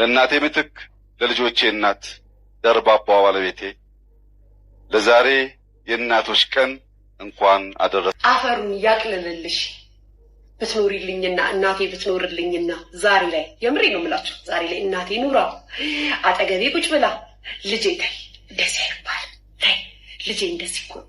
ለእናቴ ምትክ ለልጆቼ እናት ደርባባ ባለቤቴ ለዛሬ የእናቶች ቀን እንኳን አደረሰ። አፈሩን ያቅልልልሽ ብትኖሪልኝና እናቴ ብትኖርልኝና ዛሬ ላይ የምሬ ነው የምላችሁ፣ ዛሬ ላይ እናቴ ኑራ አጠገቤ ቁጭ ብላ ልጄ ታይ እንደዚህ አይባል ታይ ልጄ እንደዚህ ይኮን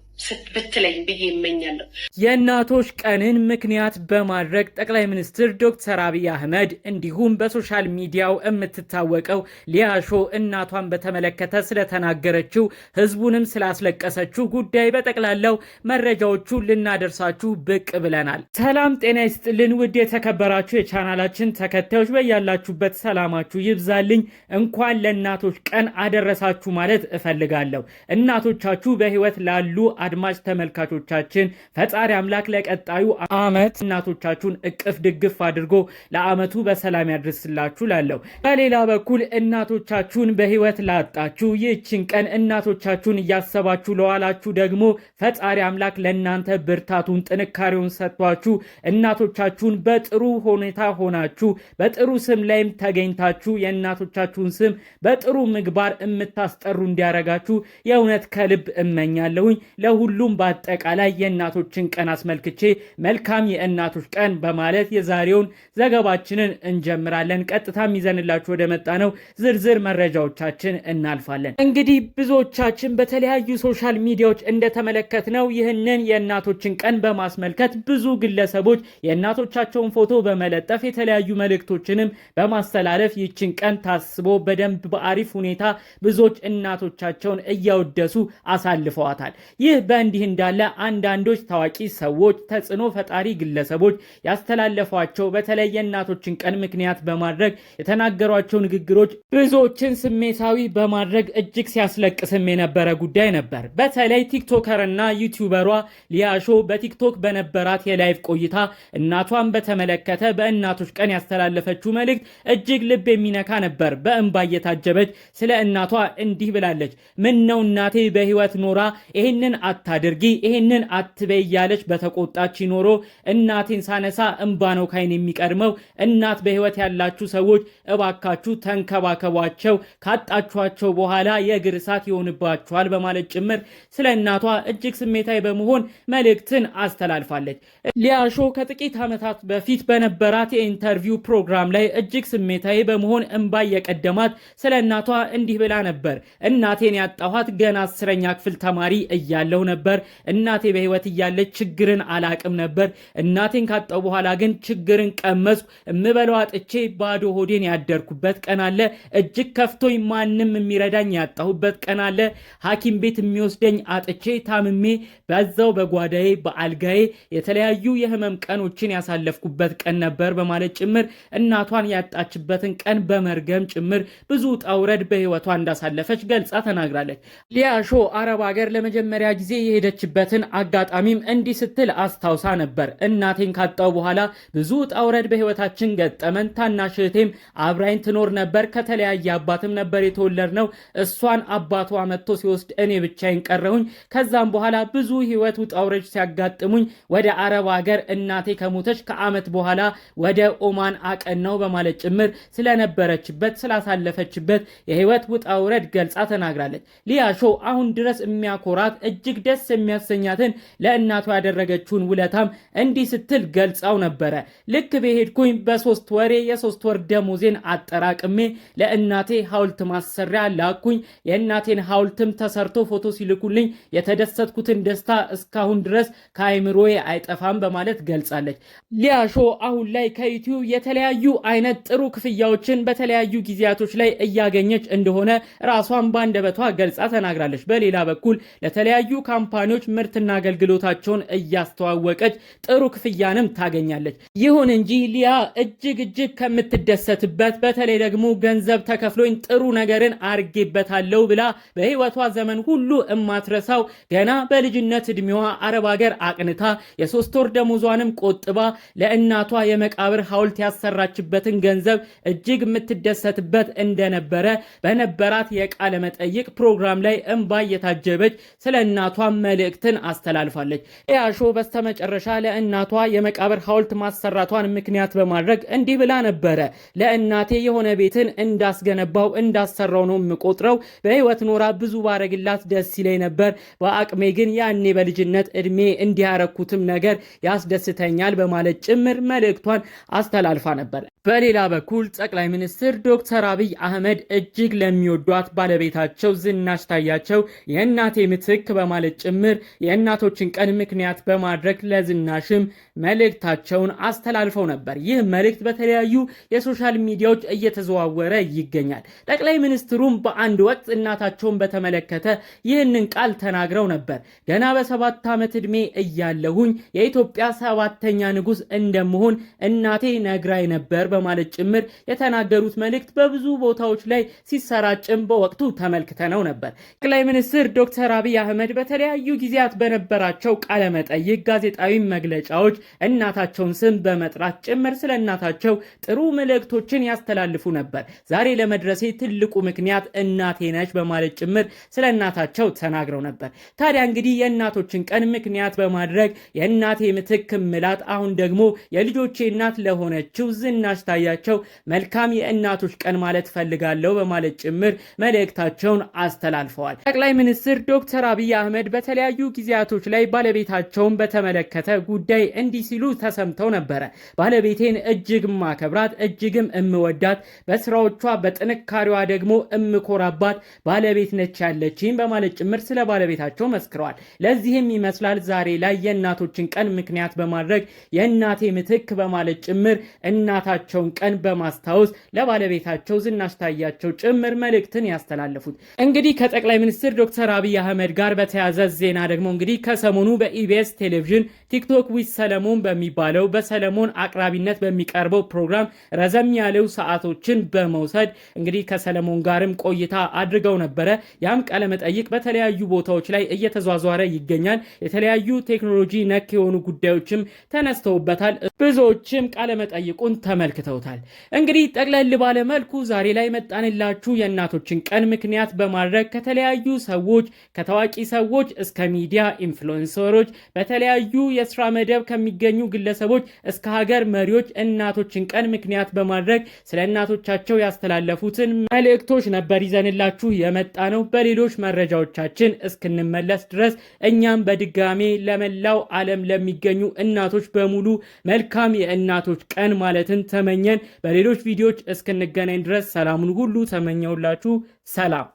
ብትለኝ ብዬ ይመኛለሁ። የእናቶች ቀንን ምክንያት በማድረግ ጠቅላይ ሚኒስትር ዶክተር አብይ አህመድ እንዲሁም በሶሻል ሚዲያው የምትታወቀው ሊያሾ እናቷን በተመለከተ ስለተናገረችው ህዝቡንም ስላስለቀሰችው ጉዳይ በጠቅላላው መረጃዎቹ ልናደርሳችሁ ብቅ ብለናል። ሰላም ጤና ይስጥልን ውድ የተከበራችሁ የቻናላችን ተከታዮች በያላችሁበት ሰላማችሁ ይብዛልኝ። እንኳን ለእናቶች ቀን አደረሳችሁ ማለት እፈልጋለሁ። እናቶቻችሁ በህይወት ላሉ አድማጭ ተመልካቾቻችን ፈጣሪ አምላክ ለቀጣዩ አመት እናቶቻችሁን እቅፍ ድግፍ አድርጎ ለአመቱ በሰላም ያድርስላችሁ ላለው። በሌላ በኩል እናቶቻችሁን በህይወት ላጣችሁ ይህችን ቀን እናቶቻችሁን እያሰባችሁ ለዋላችሁ ደግሞ ፈጣሪ አምላክ ለእናንተ ብርታቱን ጥንካሬውን ሰጥቷችሁ እናቶቻችሁን በጥሩ ሁኔታ ሆናችሁ በጥሩ ስም ላይም ተገኝታችሁ የእናቶቻችሁን ስም በጥሩ ምግባር የምታስጠሩ እንዲያረጋችሁ የእውነት ከልብ እመኛለሁኝ። ለሁሉም በአጠቃላይ የእናቶችን ቀን አስመልክቼ መልካም የእናቶች ቀን በማለት የዛሬውን ዘገባችንን እንጀምራለን። ቀጥታም ይዘንላችሁ ወደ መጣ ነው ዝርዝር መረጃዎቻችን እናልፋለን። እንግዲህ ብዙዎቻችን በተለያዩ ሶሻል ሚዲያዎች እንደተመለከትነው ይህንን የእናቶችን ቀን በማስመልከት ብዙ ግለሰቦች የእናቶቻቸውን ፎቶ በመለጠፍ የተለያዩ መልእክቶችንም በማስተላለፍ ይችን ቀን ታስቦ በደንብ በአሪፍ ሁኔታ ብዙዎች እናቶቻቸውን እያወደሱ አሳልፈዋታል። ይህ በእንዲህ እንዳለ አንዳንዶች ታዋቂ ሰዎች፣ ተጽዕኖ ፈጣሪ ግለሰቦች ያስተላለፏቸው በተለይ የእናቶችን ቀን ምክንያት በማድረግ የተናገሯቸው ንግግሮች ብዙዎችን ስሜታዊ በማድረግ እጅግ ሲያስለቅስም የነበረ ጉዳይ ነበር። በተለይ ቲክቶከርና ዩቲዩበሯ ሊያሾ በቲክቶክ በነበራት የላይቭ ቆይታ እናቷን በተመለከተ በእናቶች ቀን ያስተላለፈችው መልእክት እጅግ ልብ የሚነካ ነበር። በእንባ እየታጀበች ስለ እናቷ እንዲህ ብላለች። ምን ነው እናቴ በህይወት ኖራ ይህንን አታድርጊ፣ ይህንን አትበይ እያለች በተቆጣች ኖሮ እናቴን ሳነሳ እንባ ነው ካይን የሚቀድመው። እናት በህይወት ያላችሁ ሰዎች እባካችሁ ተንከባከቧቸው፣ ካጣችኋቸው በኋላ የእግር እሳት ይሆንባችኋል በማለት ጭምር ስለ እናቷ እጅግ ስሜታዊ በመሆን መልእክትን አስተላልፋለች። ሊያሾ ከጥቂት ዓመታት በፊት በነበራት የኢንተርቪው ፕሮግራም ላይ እጅግ ስሜታዊ በመሆን እንባ የቀደማት ስለ እናቷ እንዲህ ብላ ነበር። እናቴን ያጣኋት ገና አስረኛ ክፍል ተማሪ እያለሁ ነበር። እናቴ በህይወት እያለች ችግርን አላቅም ነበር። እናቴን ካጣው በኋላ ግን ችግርን ቀመስኩ። እምበለው አጥቼ ባዶ ሆዴን ያደርኩበት ቀን አለ። እጅግ ከፍቶኝ ማንም የሚረዳኝ ያጣሁበት ቀን አለ። ሐኪም ቤት የሚወስደኝ አጥቼ ታምሜ በዛው በጓዳዬ በአልጋዬ የተለያዩ የህመም ቀኖችን ያሳለፍኩበት ቀን ነበር በማለት ጭምር እናቷን ያጣችበትን ቀን በመርገም ጭምር ብዙ ውጣ ውረድ በህይወቷ እንዳሳለፈች ገልጻ ተናግራለች። ሊያሾ አረብ ሀገር ለመጀመሪያ ጊዜ ጊዜ የሄደችበትን አጋጣሚም እንዲህ ስትል አስታውሳ ነበር። እናቴን ካጣው በኋላ ብዙ ውጣ ውረድ በህይወታችን ገጠመን። ታናሽ እህቴም አብራኝ ትኖር ነበር። ከተለያየ አባትም ነበር የተወለድነው። እሷን አባቷ መጥቶ ሲወስድ እኔ ብቻዬን ቀረሁኝ። ከዛም በኋላ ብዙ ህይወት ውጣ ውረድ ሲያጋጥሙኝ ወደ አረብ ሀገር እናቴ ከሞተች ከአመት በኋላ ወደ ኦማን አቀናው በማለት ጭምር ስለነበረችበት ስላሳለፈችበት የህይወት ውጣ ውረድ ገልጻ ተናግራለች። ሊያሾ አሁን ድረስ የሚያኮራት እጅግ ደስ የሚያሰኛትን ለእናቷ ያደረገችውን ውለታም እንዲህ ስትል ገልጻው ነበረ። ልክ በሄድኩኝ በሶስት ወሬ የሶስት ወር ደሞዜን አጠራቅሜ ለእናቴ ሐውልት ማሰሪያ ላኩኝ። የእናቴን ሐውልትም ተሰርቶ ፎቶ ሲልኩልኝ የተደሰትኩትን ደስታ እስካሁን ድረስ ከአይምሮዬ አይጠፋም በማለት ገልጻለች። ሊያሾ አሁን ላይ ከዩቲዩብ የተለያዩ አይነት ጥሩ ክፍያዎችን በተለያዩ ጊዜያቶች ላይ እያገኘች እንደሆነ ራሷን ባንደበቷ ገልጻ ተናግራለች። በሌላ በኩል ለተለያዩ ካምፓኒዎች ምርትና አገልግሎታቸውን እያስተዋወቀች ጥሩ ክፍያንም ታገኛለች። ይሁን እንጂ ሊያ እጅግ እጅግ ከምትደሰትበት በተለይ ደግሞ ገንዘብ ተከፍሎኝ ጥሩ ነገርን አርጌበታለሁ ብላ በህይወቷ ዘመን ሁሉ እማትረሳው ገና በልጅነት እድሜዋ አረብ ሀገር አቅንታ የሶስት ወር ደሞዟንም ቆጥባ ለእናቷ የመቃብር ሐውልት ያሰራችበትን ገንዘብ እጅግ የምትደሰትበት እንደነበረ በነበራት የቃለ መጠይቅ ፕሮግራም ላይ እንባ እየታጀበች ስለ እናቷ ለእናቷ መልእክትን አስተላልፋለች። ኤያሾ በስተመጨረሻ ለእናቷ የመቃብር ሐውልት ማሰራቷን ምክንያት በማድረግ እንዲህ ብላ ነበረ። ለእናቴ የሆነ ቤትን እንዳስገነባው እንዳሰራው ነው የምቆጥረው። በህይወት ኖራ ብዙ ባረግላት ደስ ይለኝ ነበር። በአቅሜ ግን ያኔ በልጅነት እድሜ እንዲያረኩትም ነገር ያስደስተኛል በማለት ጭምር መልእክቷን አስተላልፋ ነበር። በሌላ በኩል ጠቅላይ ሚኒስትር ዶክተር አብይ አህመድ እጅግ ለሚወዷት ባለቤታቸው ዝናሽ ታያቸው የእናቴ ምትክ በማለት ጭምር የእናቶችን ቀን ምክንያት በማድረግ ለዝናሽም መልእክታቸውን አስተላልፈው ነበር። ይህ መልእክት በተለያዩ የሶሻል ሚዲያዎች እየተዘዋወረ ይገኛል። ጠቅላይ ሚኒስትሩም በአንድ ወቅት እናታቸውን በተመለከተ ይህንን ቃል ተናግረው ነበር። ገና በሰባት ዓመት ዕድሜ እያለሁኝ የኢትዮጵያ ሰባተኛ ንጉሥ እንደመሆን እናቴ ነግራይ ነበር በማለት ጭምር የተናገሩት መልእክት በብዙ ቦታዎች ላይ ሲሰራጭም በወቅቱ ተመልክተነው ነበር። ጠቅላይ ሚኒስትር ዶክተር አብይ አህመድ በተለያዩ ጊዜያት በነበራቸው ቃለመጠይቅ፣ ጋዜጣዊ መግለጫዎች እናታቸውን ስም በመጥራት ጭምር ስለ እናታቸው ጥሩ መልእክቶችን ያስተላልፉ ነበር። ዛሬ ለመድረሴ ትልቁ ምክንያት እናቴ ነች በማለት ጭምር ስለ እናታቸው ተናግረው ነበር። ታዲያ እንግዲህ የእናቶችን ቀን ምክንያት በማድረግ የእናቴ ምትክ ምላት አሁን ደግሞ የልጆቼ እናት ለሆነችው ዝናሽ ስላስታያቸው መልካም የእናቶች ቀን ማለት ፈልጋለሁ በማለት ጭምር መልእክታቸውን አስተላልፈዋል። ጠቅላይ ሚኒስትር ዶክተር አብይ አህመድ በተለያዩ ጊዜያቶች ላይ ባለቤታቸውን በተመለከተ ጉዳይ እንዲህ ሲሉ ተሰምተው ነበረ። ባለቤቴን እጅግ ማከብራት፣ እጅግም እምወዳት፣ በስራዎቿ በጥንካሬዋ ደግሞ እምኮራባት ባለቤት ነች ያለችኝ በማለት ጭምር ስለ ባለቤታቸው መስክረዋል። ለዚህም ይመስላል ዛሬ ላይ የእናቶችን ቀን ምክንያት በማድረግ የእናቴ ምትክ በማለት ጭምር እናታቸው የልደታቸውን ቀን በማስታወስ ለባለቤታቸው ዝናሽ ታያቸው ጭምር መልእክትን ያስተላለፉት። እንግዲህ ከጠቅላይ ሚኒስትር ዶክተር አብይ አህመድ ጋር በተያዘ ዜና ደግሞ እንግዲህ ከሰሞኑ በኢቢኤስ ቴሌቪዥን ቲክቶክ ዊዝ ሰለሞን በሚባለው በሰለሞን አቅራቢነት በሚቀርበው ፕሮግራም ረዘም ያለው ሰዓቶችን በመውሰድ እንግዲህ ከሰለሞን ጋርም ቆይታ አድርገው ነበረ። ያም ቃለመጠይቅ በተለያዩ ቦታዎች ላይ እየተዟዟረ ይገኛል። የተለያዩ ቴክኖሎጂ ነክ የሆኑ ጉዳዮችም ተነስተውበታል። ብዙዎችም ቃለመጠይቁን ተመልክ አመልክተውታል። እንግዲህ ጠቅለል ባለ መልኩ ዛሬ ላይ መጣንላችሁ የእናቶችን ቀን ምክንያት በማድረግ ከተለያዩ ሰዎች ከታዋቂ ሰዎች እስከ ሚዲያ ኢንፍሉዌንሰሮች በተለያዩ የስራ መደብ ከሚገኙ ግለሰቦች እስከ ሀገር መሪዎች እናቶችን ቀን ምክንያት በማድረግ ስለ እናቶቻቸው ያስተላለፉትን መልእክቶች ነበር ይዘንላችሁ የመጣ ነው። በሌሎች መረጃዎቻችን እስክንመለስ ድረስ እኛም በድጋሜ ለመላው ዓለም ለሚገኙ እናቶች በሙሉ መልካም የእናቶች ቀን ማለትን ተመ ተመኘን። በሌሎች ቪዲዮዎች እስክንገናኝ ድረስ ሰላሙን ሁሉ ተመኘውላችሁ። ሰላም